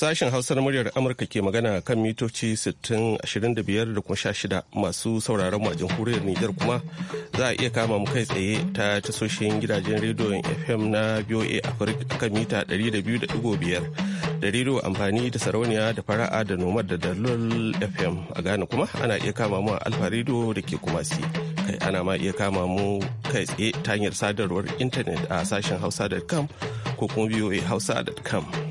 Sashen Hausar muryar Amurka ke magana kan mitoci 6025 da kuma 16 masu sauraron majin kuriyar Nijar kuma za a iya kama mu kai tsaye ta tasoshin gidajen rediyon FM na BOA Africa kan mita 200.5 da rediyo amfani da sarauniya da fara'a da nomad da dalol FM a Ghana kuma ana iya kama mu a Alfa rediyo da ke kuma si. kai ana ma iya kama mu kai tsaye ta hanyar sadarwar intanet a sashen hausa.com ko kuma voa hausa.com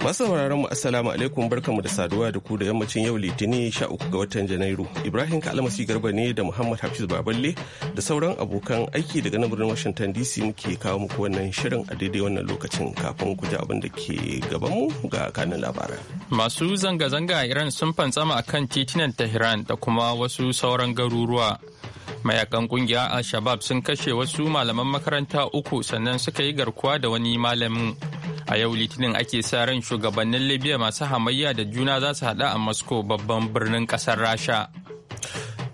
Masu sauraron mu assalamu alaikum barkamu da saduwa da ku da yammacin yau litinin 13 ga watan Janairu. Ibrahim Kalmasi Garba ne da Muhammad Hafiz Baballe da sauran abokan aiki daga na birnin Washington DC muke kawo muku wannan shirin a daidai wannan lokacin kafin ku ji abin da ke gaban mu ga kanin labaran. Masu zanga-zanga a Iran sun fantsama akan titunan Tehran da kuma wasu sauran garuruwa. mayakan kungiya al-shabab sun kashe wasu malaman makaranta uku sannan suka yi garkuwa da wani malamin a yau litinin ake sa ran shugabannin libya masu hamayya da juna za su hada a moscow babban birnin kasar rasha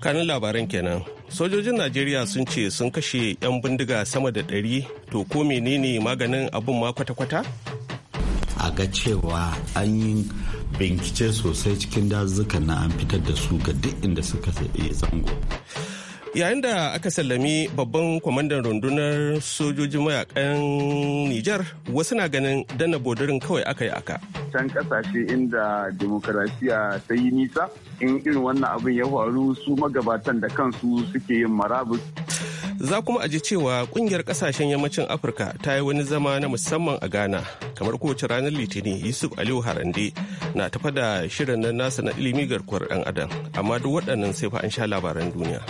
kanin labaran kenan sojojin najeriya sun ce sun kashe 'yan bindiga sama da ɗari to ko menene maganin abin ma kwata-kwata a ga cewa an yi bincike sosai cikin dazuka na an fitar da su ga duk inda suka zango yayin da aka sallami babban kwamandan rundunar sojojin mayakan Nijar wasu na ganin danna bodurin kawai aka yi aka. Can kasashe inda demokarasiya ta yi nisa in irin wannan abin ya faru su magabatan da kansu suke yin marabus. Za kuma aji cewa kungiyar kasashen yammacin Afirka ta yi wani zama na musamman a Ghana kamar kowace ranar Litinin Yusuf Aliyu Harande na tafa da shirin nan nasa na ilimi garkuwar ɗan adam amma duk waɗannan sai fa an sha labaran duniya.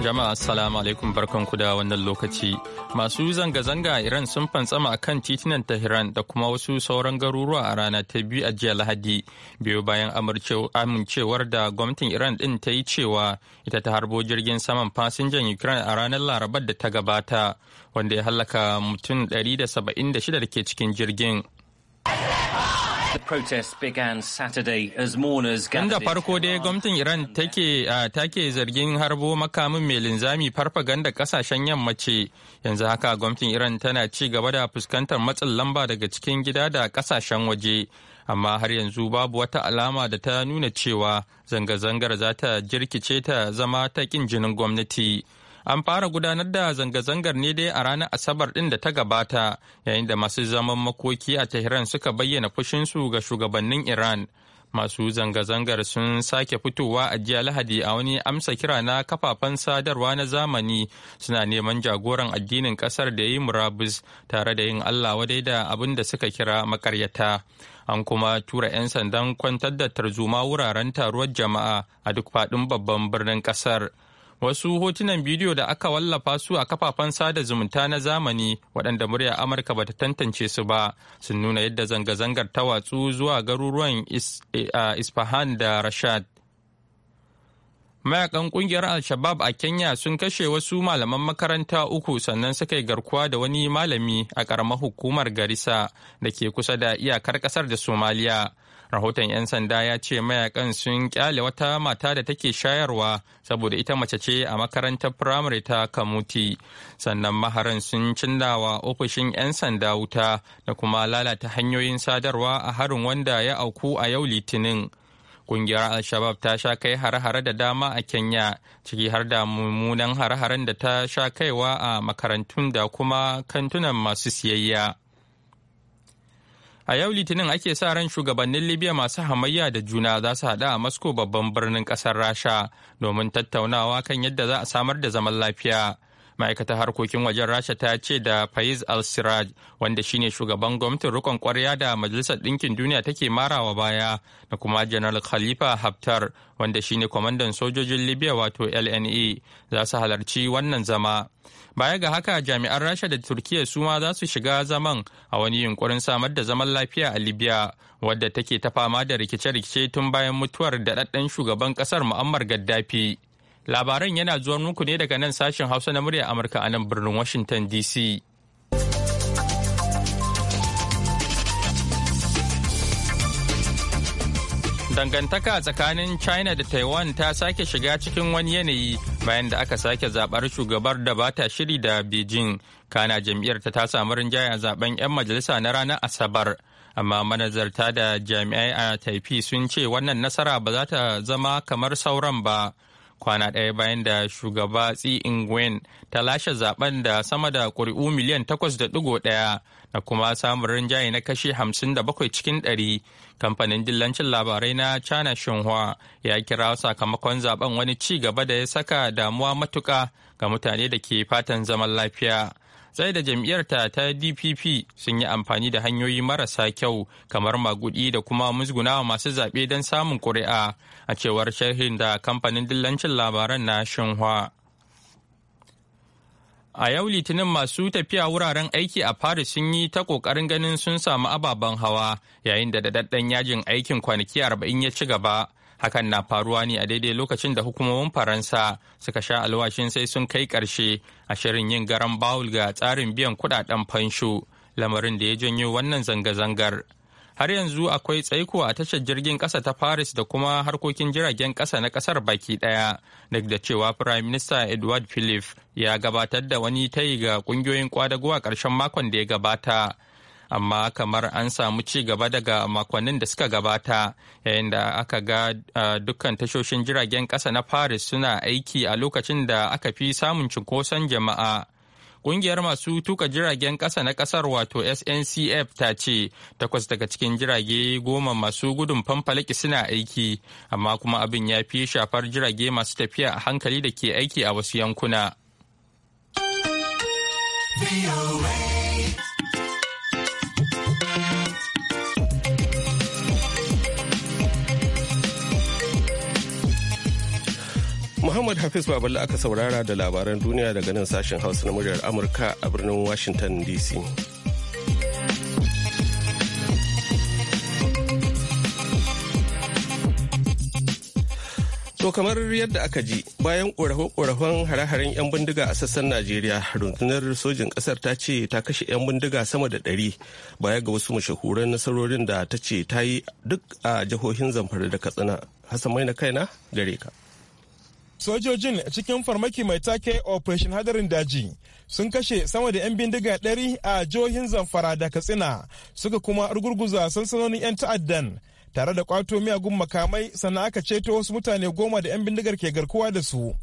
Jama'a assalamu alaikum ku da wannan lokaci. Masu zanga-zanga a Iran sun fantsama a kan titunan Tehran da kuma wasu sauran garuruwa a rana ta biyu a jiya Lahadi. Biyu bayan amincewar da gwamnatin Iran din ta yi cewa ita ta harbo jirgin saman fasinjan Ukraine a ranar Larabar da ta gabata, wanda ya halaka mutum 176 da ke cikin jirgin. Inda farko dai gwamnatin Iran take ke zargin harbo makamin mai linzami farfaganda kasashen yamma ce. Yanzu haka gwamnatin Iran tana ci gaba da fuskantar matsin lamba daga cikin gida da kasashen waje. Amma har yanzu babu wata alama da ta nuna cewa zanga-zangar za ta jirkice ta zama ta kin jinin gwamnati. An fara gudanar da zanga-zangar ne dai a ranar Asabar ɗin da ta gabata, yayin da masu zaman makoki a Tehran suka bayyana fushinsu ga shugabannin Iran. Masu zanga-zangar sun sake fitowa a jiya Lahadi a wani amsa kira na kafafen sadarwa na zamani suna neman jagoran addinin kasar da ya yi murabus tare da yin Allah wadai da abin da suka kira makaryata. An kuma tura 'yan sandan kwantar da tarzoma wuraren taruwar jama'a a duk faɗin babban birnin ƙasar. wasu hotunan bidiyo da aka wallafa su a kafafen sada zumunta na zamani waɗanda murya amurka ba ta tantance su ba sun nuna yadda zanga-zangar ta watsu zuwa garuruwan eh, uh, isfahan da rashad mayakan kungiyar al-shabab a kenya sun kashe wasu malaman makaranta uku sannan suka yi garkuwa da wani malami a ƙaramar hukumar garisa da ke kusa da iyakar ƙasar da somaliya rahoton 'yan sanda ya ce mayakan sun kyale wata mata da take shayarwa saboda ita mace ce a makarantar firamare ta kamuti sannan maharan sun wa ofishin 'yan sanda wuta da kuma lalata hanyoyin sadarwa a harin wanda ya auku a yau litinin kungiyar al-shabab ta sha kai hare-hare da dama a kenya ciki har da mummunan hare-haren da ta sha kaiwa a makarantun da kuma kantunan masu siyayya A yau Litinin ake sa ran shugabannin Libya masu hamayya da juna za su haɗu a Moscow babban birnin ƙasar Rasha domin tattaunawa kan yadda za a samar da zaman lafiya. ma'aikatar harkokin wajen rasha ta ce da faiz al-siraj wanda shine shugaban gwamnatin rikon kwarya da majalisar ɗinkin duniya take marawa baya da kuma janar khalifa haftar wanda shine kwamandan sojojin libya wato lne za su halarci wannan zama baya ga haka jami'an rasha da turkiya su ma za su shiga zaman a wani yunkurin samar da zaman lafiya a libya wadda take ta fama da rikice-rikice tun bayan mutuwar daɗaɗɗen shugaban ƙasar mu'ammar gaddafi Labaran yana zuwa muku ne daga nan sashen Hausa na murya Amurka a nan birnin Washington DC. Dangantaka tsakanin China da Taiwan ta sake shiga cikin wani yanayi bayan da aka sake zabar shugabar da ba ta shiri da Beijing. Kana jam'iyyar ta ta samu rinjaye a zaben 'yan majalisa na ranar Asabar. Amma manazarta da jami'ai a Taifi sun ce wannan nasara ba za ta zama kamar sauran ba. kwana ɗaya bayan da shugaba tsi ingwen ta lashe zaben da sama da ƙuri'u miliyan takwas da kuma samun rinjaye na kashi hamsin da bakwai cikin ɗari kamfanin dillancin labarai na china shinhua ya kira sakamakon zaben wani ci gaba da ya saka damuwa matuka ga mutane da ke fatan zaman lafiya sai da jam'iyyar ta ta dpp sun yi amfani da hanyoyi marasa kyau kamar magudi da kuma musgunawa masu zaɓe don samun ƙuri'a a cewar sharhin da kamfanin dillancin labaran na shinhwa a yau litinin masu tafiya wuraren aiki a paris sun yi ta ƙoƙarin ganin sun samu ababen hawa yayin da daɗaɗɗen yajin aikin kwanaki arba'in ya ci gaba hakan na faruwa ne a daidai lokacin da hukumomin faransa suka sha alwashin sai sun kai ƙarshe a shirin yin garan bawul ga tsarin biyan kuɗaɗen fansho lamarin da ya janyo wannan zanga-zangar har yanzu akwai tsaiko a tashar jirgin ƙasa ta paris da kuma harkokin jiragen ƙasa na ƙasar baki ɗaya duk da cewa prime minister edward philip ya gabatar da wani tayi ga ƙungiyoyin kwadago a ƙarshen makon da ya gabata amma kamar an samu ci gaba daga makonnin da suka gabata yayin da aka ga dukkan tashoshin jiragen ƙasa na paris suna aiki a lokacin da aka fi samun cunkoson jama'a Ƙungiyar masu tuka jiragen ƙasa na ƙasar wato SNCF ta ce takwas daga cikin jirage goma masu gudun fanfalaki suna aiki, amma kuma abin ya fi shafar jirage masu tafiya a hankali da ke aiki a wasu yankuna. Muhammad Hafiz Baballa aka saurara da labaran duniya daga nan sashen Hausa na muryar Amurka a birnin Washington DC. To kamar yadda aka ji bayan ƙorafe-ƙorafen hare-haren 'yan bindiga a sassan Najeriya rundunar sojin ƙasar ta ce ta kashe 'yan bindiga sama da ɗari baya ga wasu mashahuran nasarorin da ta ce ta yi duk a jihohin zamfara da katsina. Hassan mai na kaina gare ka. sojojin cikin farmaki mai take operation hadarin daji sun kashe sama da 'yan bindiga 100 a jihohin zamfara da katsina suka kuma rugurguza sansanonin 'yan ta'addan tare da kwato miyagun makamai sannan aka ceto wasu mutane goma da 'yan bindigar ke garkuwa da su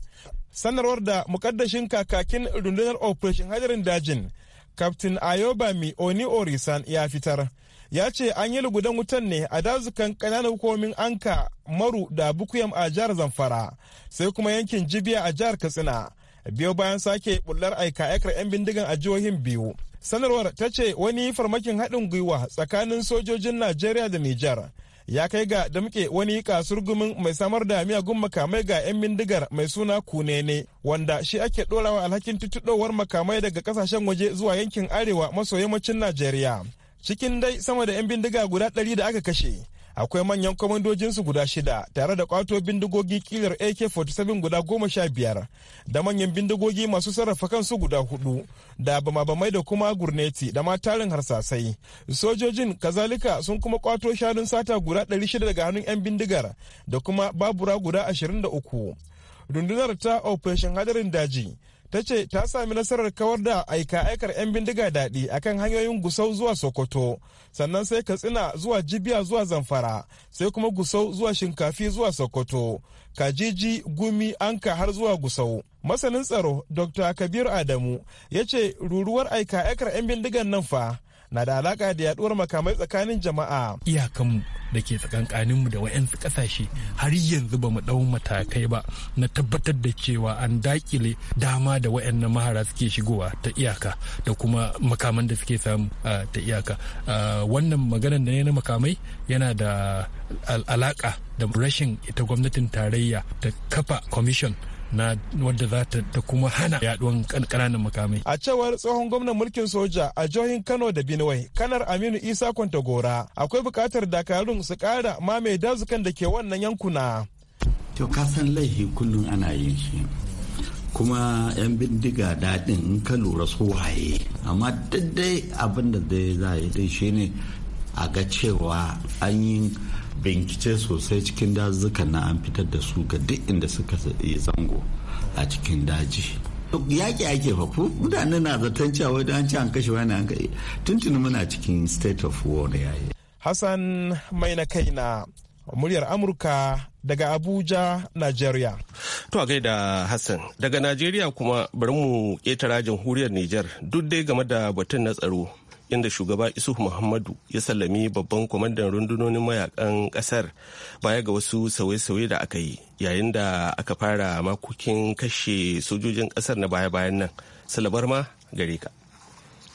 sanarwar da mukaddashin kakakin rundunar operation hadarin dajin captain ayobami oni orisan ya fitar ya ce an yi lugudan wutan ne a dazukan kananan hukumomin anka maru da bukuyam a jihar zamfara sai kuma yankin jibiya a jihar katsina biyo bayan sake bullar aika aikar 'yan bindigan a jihohin biyu sanarwar ta ce wani farmakin haɗin gwiwa tsakanin sojojin najeriya da nijar ya kai ga damke wani kasurgumin mai samar da miyagun makamai ga 'yan bindigar mai suna kunene wanda shi ake ɗorawa alhakin tutudowar makamai daga kasashen waje zuwa yankin arewa maso yammacin najeriya cikin dai sama da 'yan bindiga guda ɗari da aka kashe akwai manyan kwamandojinsu guda shida tare da kwato bindigogi kilar ak-47 guda goma sha biyar da manyan bindigogi masu sarrafa kansu guda hudu da bama-bamai da kuma gurneti da ma tarin harsasai sojojin kazalika sun kuma kwato shanun sata guda 600 daga hannun 'yan bindigar da kuma babura guda 23 rundunar ta operation hadarin daji ta ce ta sami nasarar kawar da aika-aikar 'yan bindiga daɗi akan hanyoyin gusau zuwa sokoto sannan sai katsina zuwa jibiya zuwa zamfara sai kuma gusau zuwa shinkafi zuwa sokoto kajiji gumi anka har zuwa gusau masanin tsaro dr kabir adamu ya ce ruruwar aika-aikar 'yan bindigan nan fa na da alaka da yaduwar makamai tsakanin jama'a iyakanmu da ke mu da wayansu kasashe har yanzu ba mu dau matakai ba na tabbatar da cewa an dakile dama da wayannan mahara suke shigowa ta iyaka da kuma makaman da suke samu ta iyaka wannan maganar da ne na makamai yana da alaka da rashin ita gwamnatin tarayya ta kafa commission na wadda za ta kuma hana yaduwan kananan makamai. A cewar tsohon gwamnan mulkin soja a jihohin Kano da Benue, kanar Aminu Isa Kwantagora, akwai bukatar dakarun su kara mamaye dazukan da ke wannan yankuna. To ka san laifi kullum ana yin shi. kuma 'yan bindiga daɗin in ka lura su waye amma daidai abin da zai za yi dai shine a ga cewa an yi bincike sosai cikin dazukan na an fitar da su ga duk inda suka zango a cikin daji yaƙi ake fafu mutane na zaton cewa an ci an kashe wani an kai tuntuni muna cikin state of war na yayi hassan mai na kaina muryar amurka daga abuja nigeria to a gaida hassan daga nigeria kuma bari mu ƙetara jamhuriyar niger duk dai game da batun na tsaro inda shugaba isuhu muhammadu ya sallami babban kwamandan rundunonin mayakan kasar baya ga wasu sauye-sauye da aka yi yayin da aka fara makokin kashe sojojin kasar na baya-bayan nan salabar ma gare ka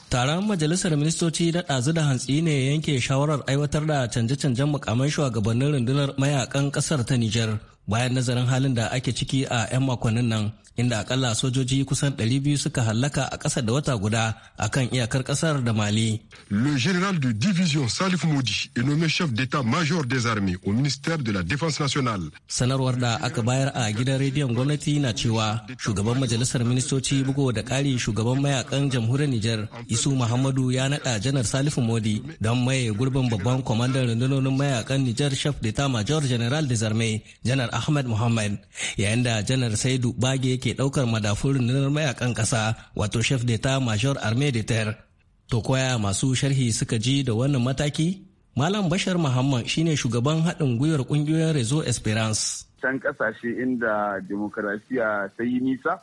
taron majalisar ministoci na ɗazu da hantsi ne yanke shawarar aiwatar da canje-canjen mukamman shugabannin rundunar mayakan kasar ta nijar bayan nazarin halin da ake ciki a 'yan makonnin nan inda akalla sojoji kusan 200 suka hallaka a ƙasa da wata guda a kan iyakar ƙasar da Mali. Le général de division Salif Modi est nommé chef d'état-major des armées au ministère de la Défense nationale. Sanarwar da aka bayar a gidan rediyon gwamnati na cewa shugaban majalisar ministoci bugu da ƙari shugaban mayakan jamhuriyar Nijar Isu Muhammadu ya naɗa janar Salif Modi don maye gurbin babban kwamandan rundunonin mayakan Nijar chef d'état-major general des armées janar Ahmed muhammed yayin da janar Saidu Bage ke daukar madafun rundunar mayakan kasa wato chef d'etat major armée de terre. To koya masu sharhi suka ji da wannan mataki? Malam Bashar Muhammad shine shugaban haɗin gwiwar ƙungiyoyin Rezo Esperance. Can kasashe inda demokarasiya ta yi nisa,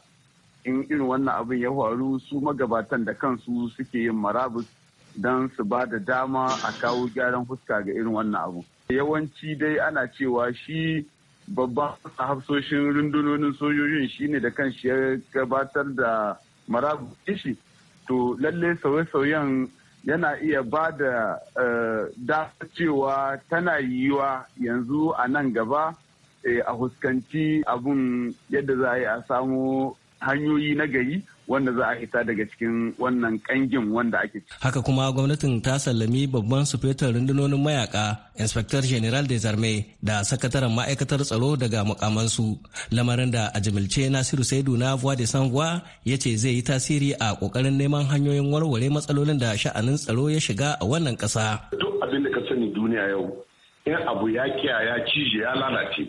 in irin wannan abin ya faru su magabatan da kansu suke yin marabus don su ba da dama a kawo gyaran fuska ga irin wannan abu. Yawanci dai ana cewa shi babban hafsoshin rundunonin sojojin shine da kan shi ya gabatar da marabu shi to lalle sauye-sauyen yana iya ba da eh, dafa cewa tana yiwa yanzu a nan gaba eh, a huskanci abun yadda za a yi a samu hanyoyi na gari wanda za a hita daga cikin wannan kangin wanda ake ciki. Haka kuma gwamnatin ta sallami babban sufetar rundunonin mayaka, Inspector General de Zarme da sakataren ma'aikatar tsaro daga mukamansu. Lamarin da a jimilce Nasiru Saidu na Voix de San ya ce zai yi tasiri a kokarin neman hanyoyin warware matsalolin da sha'anin tsaro ya shiga a wannan kasa. Duk abin da ka sani duniya yau, in abu ya kiya ya cije ya lalace,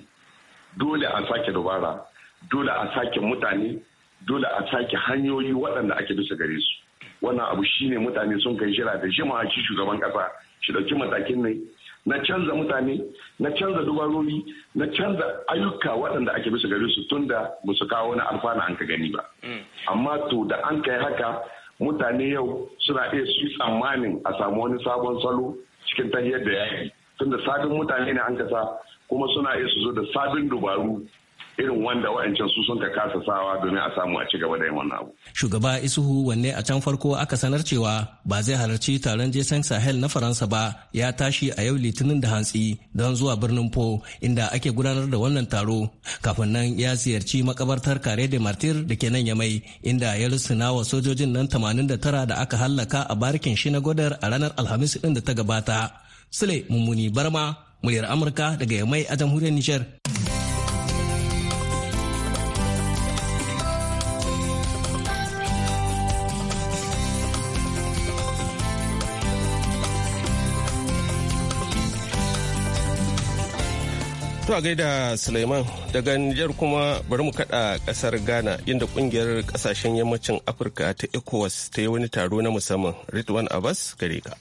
dole a sake dubara, dole a sake mutane, dole a sake hanyoyi waɗanda ake bisa gare su wannan abu shine mutane sun kai shira da jimawa ci shugaban kasa shi dauki matakin ne na canza mutane na canza dubarori na canza ayyuka waɗanda ake bisa gare su tunda ba su kawo wani alfana an ka gani ba amma to da an kai haka mutane yau suna iya su tsammanin a samu wani sabon salo cikin tahiyar da yi. tunda sabin mutane ne an kasa kuma suna iya su zo da sabin dubaru irin wanda wa'ancan su sun ka kasa sawa domin a samu a ci gaba da yin wannan abu. Shugaba Isuhu wanne a can farko aka sanar cewa ba zai halarci taron Jason Sahel na Faransa ba ya tashi a yau Litinin da hantsi don zuwa birnin Po inda ake gudanar da wannan taro. Kafin nan ya ziyarci makabartar Kare de Martir da ke nan Yamai inda ya rusuna wa sojojin nan 89 da aka hallaka a barikin shi na godar a ranar Alhamis din da ta gabata. Sule Mummuni Barma, muryar Amurka daga Yamai a jamhuriyar Nijar. To gai gaida Suleiman daga Nijar kuma bari mu kada kasar Ghana inda kungiyar kasashen yammacin Afirka ta ECOWAS ta yi wani taro na musamman Ridwan Abbas gare ka.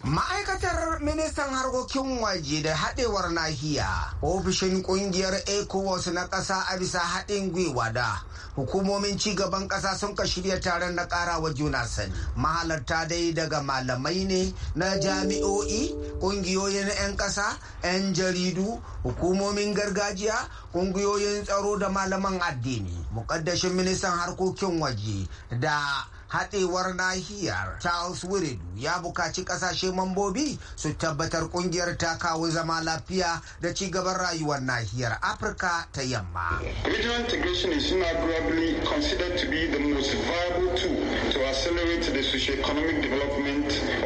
Ma'aikatar ministan harkokin waje da haɗewar nahiya, ofishin ƙungiyar ECOWAS na ƙasa a bisa haɗin gwiwa da hukumomin cigaban ƙasa sun ka shirya taron na ƙarawa juna sani. Mahalarta dai daga malamai ne na jami'o'i, ƙungiyoyin 'yan ƙasa, 'yan jaridu, hukumomin gargajiya, ƙungiyoyin tsaro da malaman addini. Muƙaddashin ministan harkokin waje da haɗewar nahiyar charles wiridu ya buƙaci kasashe mambobi su tabbatar ƙungiyar ta kawo zama lafiya da ci gaban rayuwar nahiyar afirka ta yamma regional integration is inarguably considered to be the most viable tool to accelerate the socio-economic development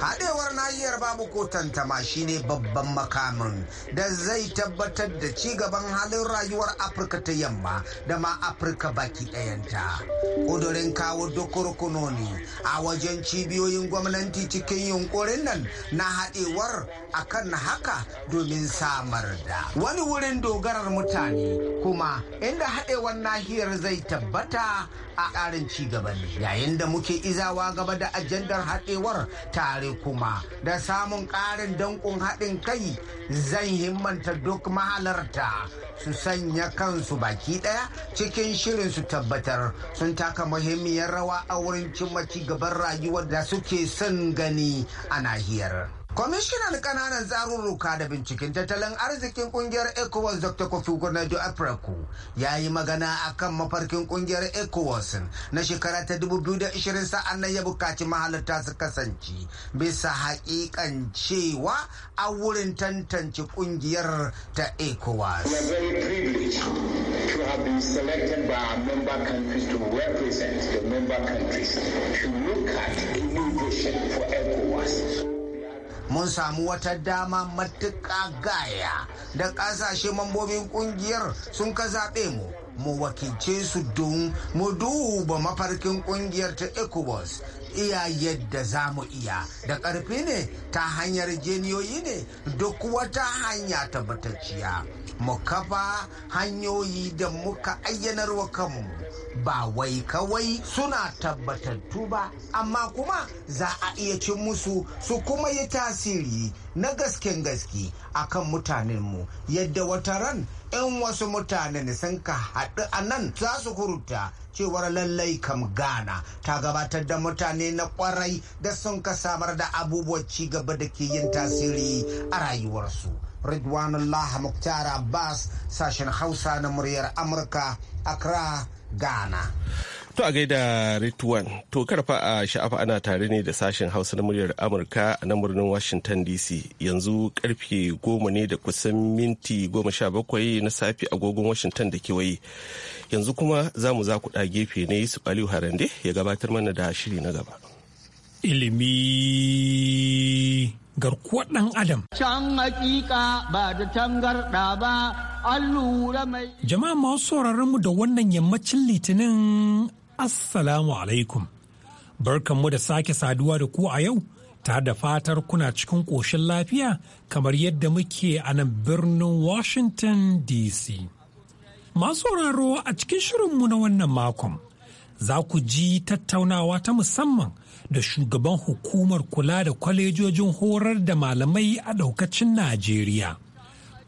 haɗewar nahiyar babu ko tantama shine babban makamin da zai tabbatar da ci gaban halin rayuwar afirka ta yamma da ma afirka baki ɗayanta ƙudurin kawo duk ne a wajen cibiyoyin gwamnati cikin yunkurin nan na haɗewar akan haka domin samar da wani wurin dogarar mutane kuma inda haɗewar nahiyar zai tabbata a ƙarin ci ne yayin da muke izawa gaba da ajandar haɗewar tare kuma da samun ƙarin dankon haɗin kai zan himmanta duk mahalarta su sanya kansu baki ɗaya cikin shirin su tabbatar sun taka muhimmiyar rawa a wurin cimma gaban rayuwar da suke son gani a nahiyar. Kwamishinan kananan tsarurruka da binciken tattalin arzikin kungiyar ECOWAS Dr. Kofi Gwanado Afraku ya yi magana a kan mafarkin kungiyar ECOWAS na shekara ta 2020 sa'an nan ya bukaci mahalarta su kasance bisa haƙiƙan cewa a wurin tantance kungiyar ta ECOWAS. to have been selected by our member countries to represent the member countries to look at immigration for ECOWAS. mun samu wata dama matuƙa gaya da ƙasashe mambobin ƙungiyar sun ka zaɓe mu mu wakilce su don mu duba mafarkin kungiyar ta ecobus iya yadda za mu iya da ƙarfi ne ta hanyar jeniyoyi ne duk wata hanya tabbatacciya mu kafa hanyoyi da muka ayyanar wa kanmu ba wai kawai suna tabbatattu ba amma kuma za a iya cin musu su kuma yi tasiri na gasken gaske akan mutanenmu yadda wata ran in wasu mutanen sun ka haɗu a nan za su huruta cewar lallai kam gana ta gabatar da mutane na kwarai da sun ka samar da abubuwan cigaba da ke yin tasiri a rayuwarsu ridwanullah muktar abbas sashen hausa na muryar amurka accra ghana To a gaida Ritwan, to karfa a sha'afa ana tare ne da sashen Hausa na muryar Amurka a nan birnin Washington DC. Yanzu karfe goma ne da kusan minti goma sha bakwai na safe agogon Washington da kewaye. Yanzu kuma za mu za ku ɗa gefe ne su Aliyu Harande ya gabatar mana da shiri na gaba. Ilimi garkuwar ɗan Adam. Can hakika ba da tangarɗa ba, an lura mai. Jama'a masu sauraron mu da wannan yammacin litinin Assalamu alaikum. mu da sake saduwa da ku a yau, ta da fatar kuna cikin ƙoshin lafiya kamar yadda muke a nan birnin Washington DC. Masu sauraro a cikin shirinmu na wannan makon, za ku ji tattaunawa ta musamman da shugaban hukumar kula da kwalejojin horar da malamai a ɗaukacin Najeriya.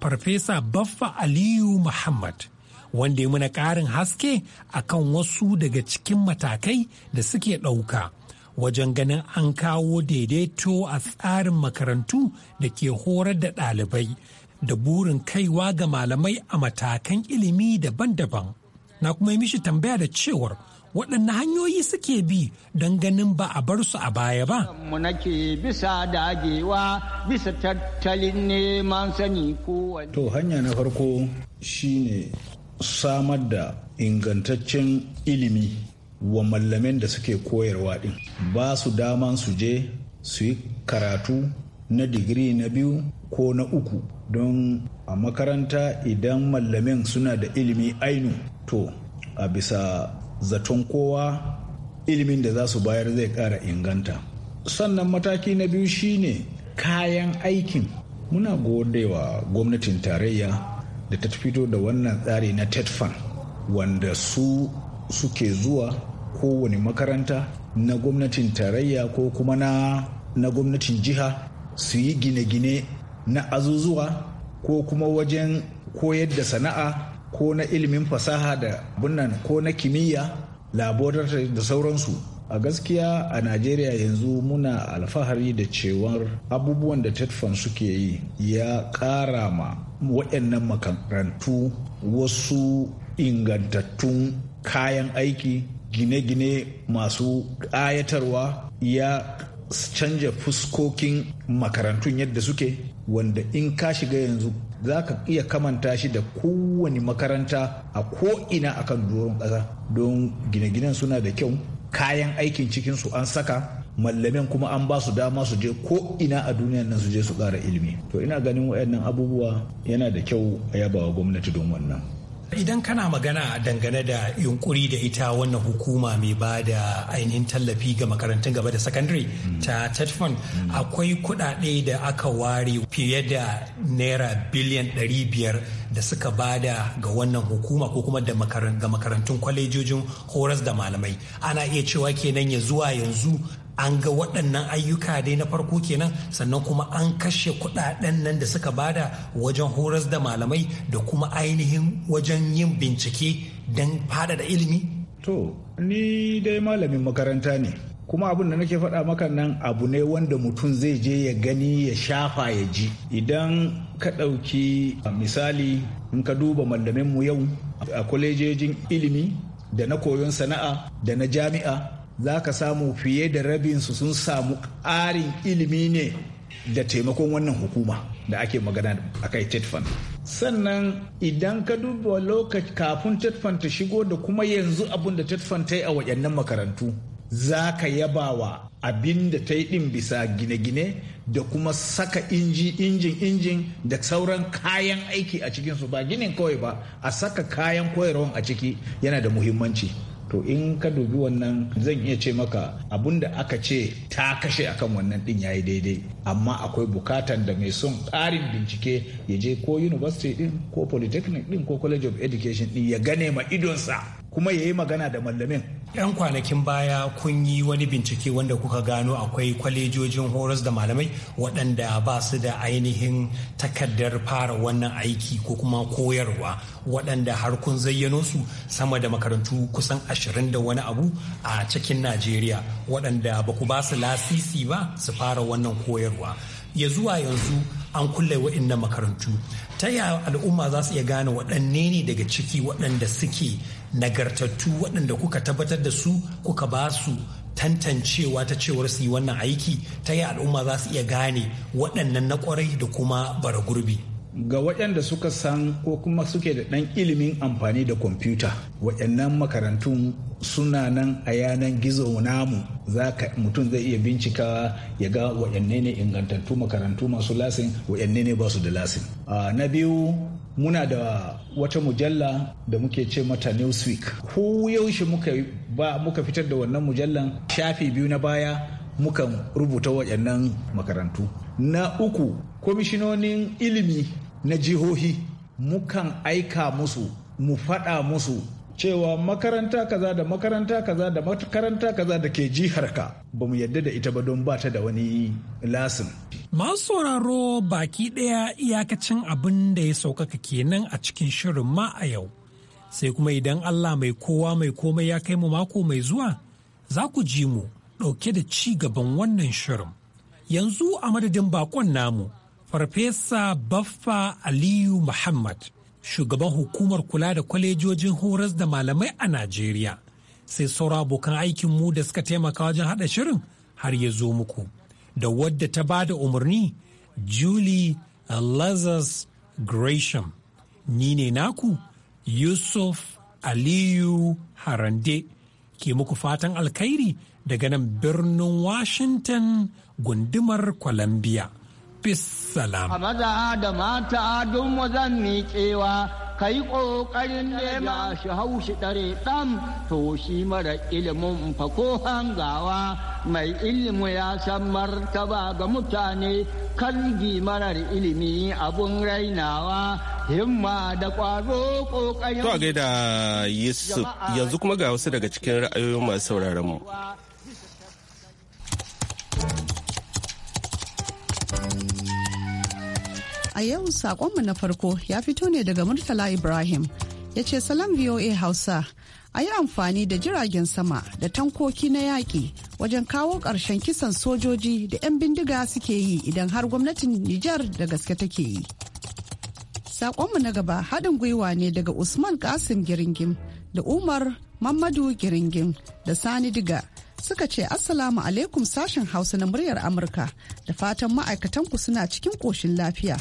Farfesa Baffa Aliyu Muhammad. wanda ya muna ƙarin haske a kan wasu daga cikin matakai da suke ɗauka wajen ganin an kawo daidaito a tsarin makarantu da ke horar da ɗalibai da burin kaiwa ga malamai a matakan ilimi daban-daban. Na kuma yi mishi tambaya da cewar waɗanne hanyoyi suke bi don ganin ba a bar su a baya ba. Mu nake bisa dagewa bisa tattalin neman sani kowane. To hanya na farko shine samar da ingantaccen ilimi wa mallamin da suke koyarwa din ba su daman su je su yi karatu na digiri na biyu ko na uku don a makaranta idan mallamin suna da ilimi ainu to a bisa zaton kowa ilimin da za su bayar zai ƙara inganta sannan mataki na biyu shine kayan aikin muna godewa gwamnatin tarayya da ta fito da wannan tsari na tetfan wanda su suke zuwa kowane makaranta na gwamnatin tarayya ko kuma na, na gwamnatin jiha su yi gine-gine na azuzuwa ko kuma wajen koyar da sana'a ko na ilimin fasaha da bunnan ko na kimiyya laboratory da sauransu a gaskiya a najeriya yanzu muna alfahari da cewar abubuwan da tetfan suke yi ya ƙara ma waɗannan makarantu wasu ingantattun kayan aiki gine-gine masu ƙayatarwa ya canja fuskokin makarantun yadda suke wanda in ka shiga yanzu za ka iya kamanta shi da kowane makaranta a ko'ina a kan doron ƙasa don gine-ginen suna da kyau kayan aikin cikinsu an saka mallamin kuma an ba su dama su je ko ina a duniyan nan su je su kara ilimi to ina ganin waɗannan abubuwa yana da kyau a yabawa gwamnati don wannan idan kana magana dangane da yunkuri da ita wannan hukuma mai ba da ainihin tallafi ga makarantun gaba da sakandare ta tetfon akwai kudade da aka ware fiye da naira biliyan 500 da suka bada ga wannan hukuma ko kuma ga makarantun kwalejojin horas da malamai ana iya cewa kenan ya zuwa yanzu an ga waɗannan ayyuka dai na farko kenan sannan kuma an kashe kuɗaɗen nan da suka bada wajen horas da malamai da kuma ainihin wajen yin bincike don faɗaɗa ilimi? To, ni dai malamin makaranta ne. kuma abin da nake faɗa maka nan abu ne wanda mutum zai je ya gani ya shafa ya ji idan ka ɗauki a misali in ka duba mu yau a kwalejejin ilimi da na koyon sana'a da na jami'a za ka samu fiye da rabin su sun samu ƙarin ilimi ne da taimakon wannan hukuma da ake magana a kai tetfan sannan idan ka duba lokaci kafin tetfan ta shigo da kuma yanzu abin da tetfan ta yi a waɗannan makarantu za ka yabawa abin da ta yi ɗin bisa gine-gine da kuma saka inji injin injin da sauran kayan aiki a cikinsu ba ginin kawai ba a saka kayan koyarwa a ciki yana da muhimmanci to in ka dubi wannan zan iya ce maka abun da aka ce ta kashe akan wannan din yi daidai amma akwai bukatan da mai son karin bincike ya je ko university din ko polytechnic din ko college of education din ya gane ma idonsa kuma ya yi magana da mallamin. 'Yan kwanakin baya kun yi wani bincike wanda kuka gano akwai kwalejojin horas da malamai waɗanda ba su da ainihin takardar fara wannan aiki ko kuma koyarwa waɗanda har kun zayyano su sama da makarantu kusan ashirin da wani abu a cikin Najeriya waɗanda ba ku ba su lasisi ba su fara wannan koyarwa. Ya zuwa yanzu an kulle waɗannan makarantu. Ta yaya al'umma za su iya gane waɗanne ne daga ciki waɗanda suke nagartattu waɗanda kuka tabbatar da su kuka ba su tantancewa ta cewar su yi wannan aiki ta yi al'umma za su iya gane waɗannan na kwarai da kuma bara gurbi. ga waɗanda suka san ko kuma suke da ɗan ilimin amfani da kwamfuta waɗannan makarantun suna nan a yanan gizo namu mutum zai iya bincika ya ga waɗanne ne ingantattu makarantu masu lasin waɗanne ne ba su da lasin ah, na biyu muna da wata mujalla da muke ce mata newsweek ko yaushe muka ba muka fitar da wannan mujallan shafi biyu na baya mukan rubuta waɗannan makarantu na uku kwamishinonin ilimi na jihohi mukan aika musu mu faɗa musu cewa makaranta kaza da makaranta kaza da makaranta kaza da ke jihar ka. ba mu yadda da ita ba don ba ta da wani lasin. Masu sauraro baki ɗaya iyakacin abin da ya saukaka kenan a cikin shirin ma a yau. Sai kuma idan Allah mai kowa mai komai ya kai mu mako mai zuwa, za ku ji mu ɗauke da ci gaban wannan shirin. Yanzu a madadin bakon namu, Farfesa Baffa Aliyu Muhammad, shugaban hukumar kula da kwalejojin horas da malamai a Najeriya. sai saura abokan aikinmu da suka taimaka wajen haɗa shirin har ya zo muku da wadda ta ba da umarni julie lazarus gresham ni ne naku yusuf aliyu harande ke muku fatan alkhairi daga nan birnin washington gundumar columbia bis salam a maza da mata don wazan miƙewa ka yi ƙoƙarin nema shi haushi ɗare ɗan to shi mara ilimin fa ko hangawa mai ilimi ya san martaba ga mutane kan marar ilimi abun rainawa himma da ƙwaro ƙoƙarin. To a gaida yanzu kuma ga wasu daga cikin ra'ayoyin masu sauraron mu. A yau saƙonmu na farko ya fito ne daga Murtala Ibrahim ya ce salam VOA Hausa. A yi amfani da jiragen sama da tankoki na yaƙi wajen kawo ƙarshen kisan sojoji da 'yan bindiga suke yi idan har gwamnatin Nijar da gaske take yi. saƙonmu na gaba haɗin gwiwa ne daga Usman Kasim Giringim da Umar Mamadu Giringim da Sani Diga suka ce Assalamu alaikum sashen Hausa na muryar Amurka da fatan ma'aikatanku suna cikin koshin lafiya.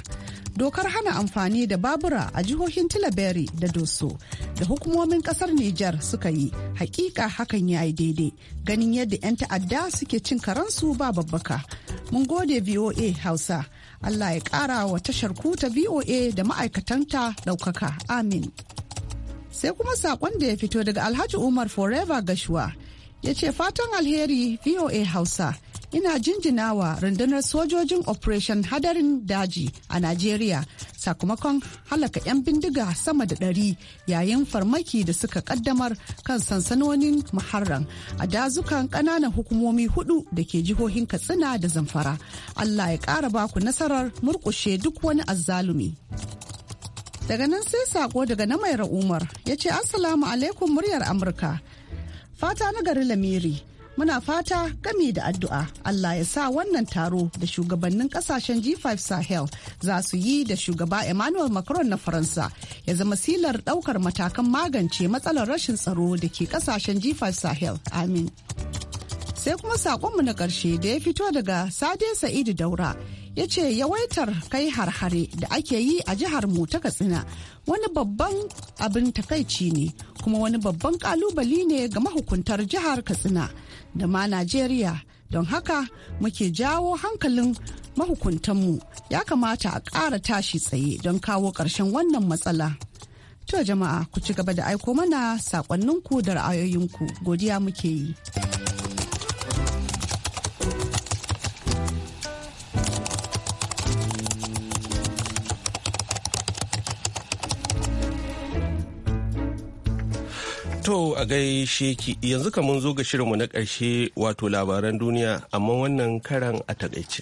Dokar hana amfani da babura a jihohin Tilaberi da Doso da hukumomin kasar Nijar suka yi hakika hakan ya yi daidai ganin yadda 'yan ta'adda suke cin karansu ba babbaka. Mun gode VOA Hausa. Allah ya ƙara wa tashar kuta VOA da ma'aikatanta ɗaukaka. Amin. Sai kuma saƙon da ya fito daga Alhaji Umar Forever gashua. ya ce fatan alheri voa hausa ina jinjinawa rundunar sojojin operation hadarin daji a najeriya sakamakon halaka 'yan bindiga sama da ɗari yayin farmaki da suka kaddamar kan sansanonin muharram a dazukan ƙananan hukumomi hudu da ke jihohin katsina da zamfara allah ya ƙara baku nasarar murƙushe duk wani azzalumi daga nan sai sako daga na mai ra'umar ya ce assalamu alaikum muryar amurka Fata na gari Lamiri. Muna fata gami da addu'a Allah ya sa wannan taro da shugabannin kasashen G5 Sahel za su yi da shugaba Emmanuel Macron na Faransa ya zama silar daukar matakan magance matsalar rashin tsaro da ke kasashen G5 Sahel. Amin. Sai kuma saƙonmu na ƙarshe da ya fito daga Sade Sa'idu Daura. ya ce yawaitar kai harhare da ake yi a jihar mu ta katsina wani babban abin takaici ne kuma wani babban kalubali ne ga mahukuntar jihar katsina da ma najeriya don haka muke jawo hankalin mahukuntanmu ya kamata a ƙara tashi tsaye don kawo ƙarshen wannan matsala to jama'a ku ci gaba da aiko mana sakonninku da ra'ayoyinku godiya muke yi. To a gaishe ki yanzu ka mun zo ga shirinmu na ƙarshe wato labaran duniya amma wannan karan a takaice.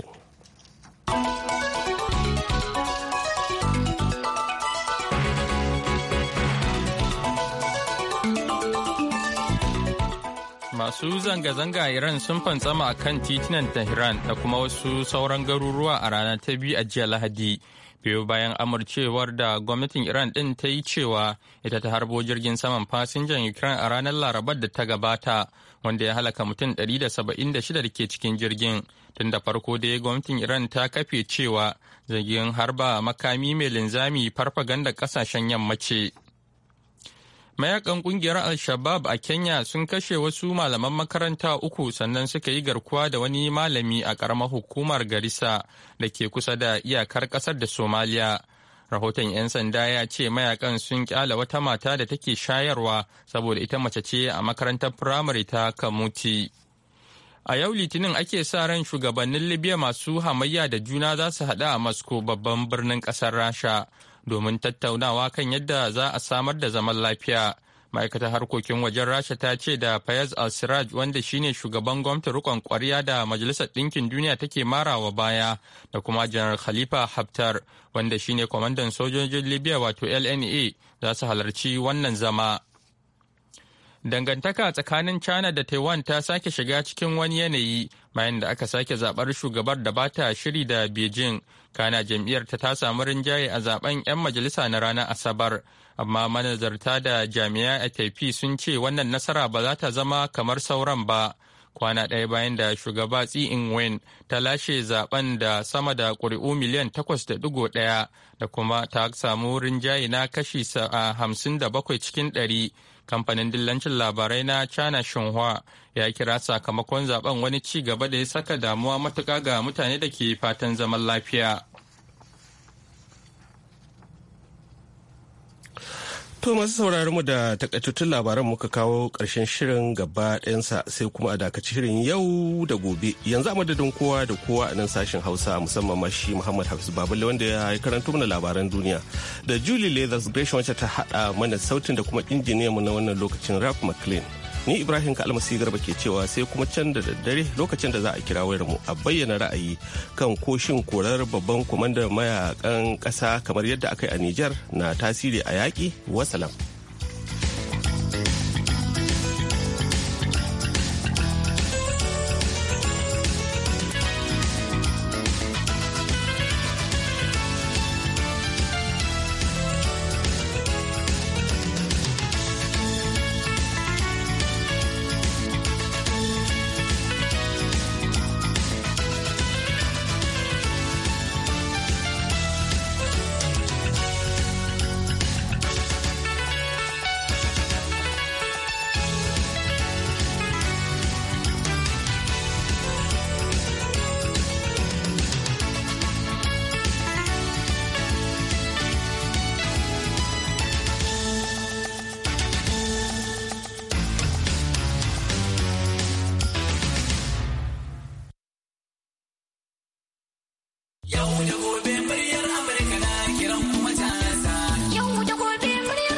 Masu zanga-zanga Iran sun fantsama a kan titunan Tehran da kuma wasu sauran garuruwa a ranar ta biyu a jiya Lahadi biyo bayan amurcewar da gwamnatin iran din ta yi cewa ita ta harbo jirgin saman fasinjan ukraine a ranar larabar da ta gabata wanda ya halaka mutum 176 da ke cikin jirgin tun da farko dai gwamnatin iran ta kafe cewa zagin harba makami mai linzami farfaganda kasashen yamma ce. mayakan kungiyar al-shabab a kenya sun kashe wasu malaman makaranta uku sannan suka yi garkuwa da wani malami a karamar hukumar garissa da ke kusa da iyakar kasar da somaliya rahoton 'yan sanda ya ce mayakan sun kyala wata mata da take shayarwa saboda ita mace ce a makarantar firamare ta kamuti a yau litinin ake sa ran shugabannin libya masu hamayya da juna za su hada a moscow babban birnin kasar rasha domin tattaunawa kan yadda za a samar da zaman lafiya. Ma'aikatar harkokin wajen Rasha ta ce da Fayez al-Siraj wanda shine shugaban gwamnati rikon kwarya da Majalisar Ɗinkin Duniya take marawa baya da kuma Janar Khalifa Haftar wanda shine kwamandan sojojin Libya wato LNA za su halarci wannan zama. Dangantaka tsakanin China da Taiwan ta sake shiga cikin wani yanayi bayan da aka sake zabar shugabar da bata shiri da Beijing kana jam'iyyar ta ta samu rinjaye a zaben 'yan majalisa na ranar asabar amma manazarta da jami'a a taifi sun ce wannan nasara ba za ta zama kamar sauran ba kwana ɗaya bayan da shugaba tsi in ta lashe zaben da sama da ƙuri'u miliyan 8.1 da kuma ta samu rinjaye na kashi hamsin da bakwai cikin 100 kamfanin dillancin labarai na china shinhua ya kira sakamakon zaben wani ci gaba da ya saka damuwa matuka ga mutane da ke fatan zaman lafiya. To masu sauraron mu da takaitattun labaran muka kawo ƙarshen shirin gaba ɗayansa sai kuma a dakaci shirin yau da gobe. Yanzu a madadin kowa da kowa a nan sashen Hausa musamman ma shi Muhammad Hafiz Baballe wanda ya karanto mana labaran duniya. Da Julie Leathers Gresham wacce ta haɗa mana sautin da kuma injiniyan mu na wannan lokacin Ralph McLean. Ni Ibrahim ka almasi Garba ke cewa sai kuma can da daddare lokacin da za a kira wayar mu a bayyana ra'ayi kan koshin korar babban kwamandan mayakan kasa kamar yadda aka yi a Nijar na tasiri a yaƙi wasalam.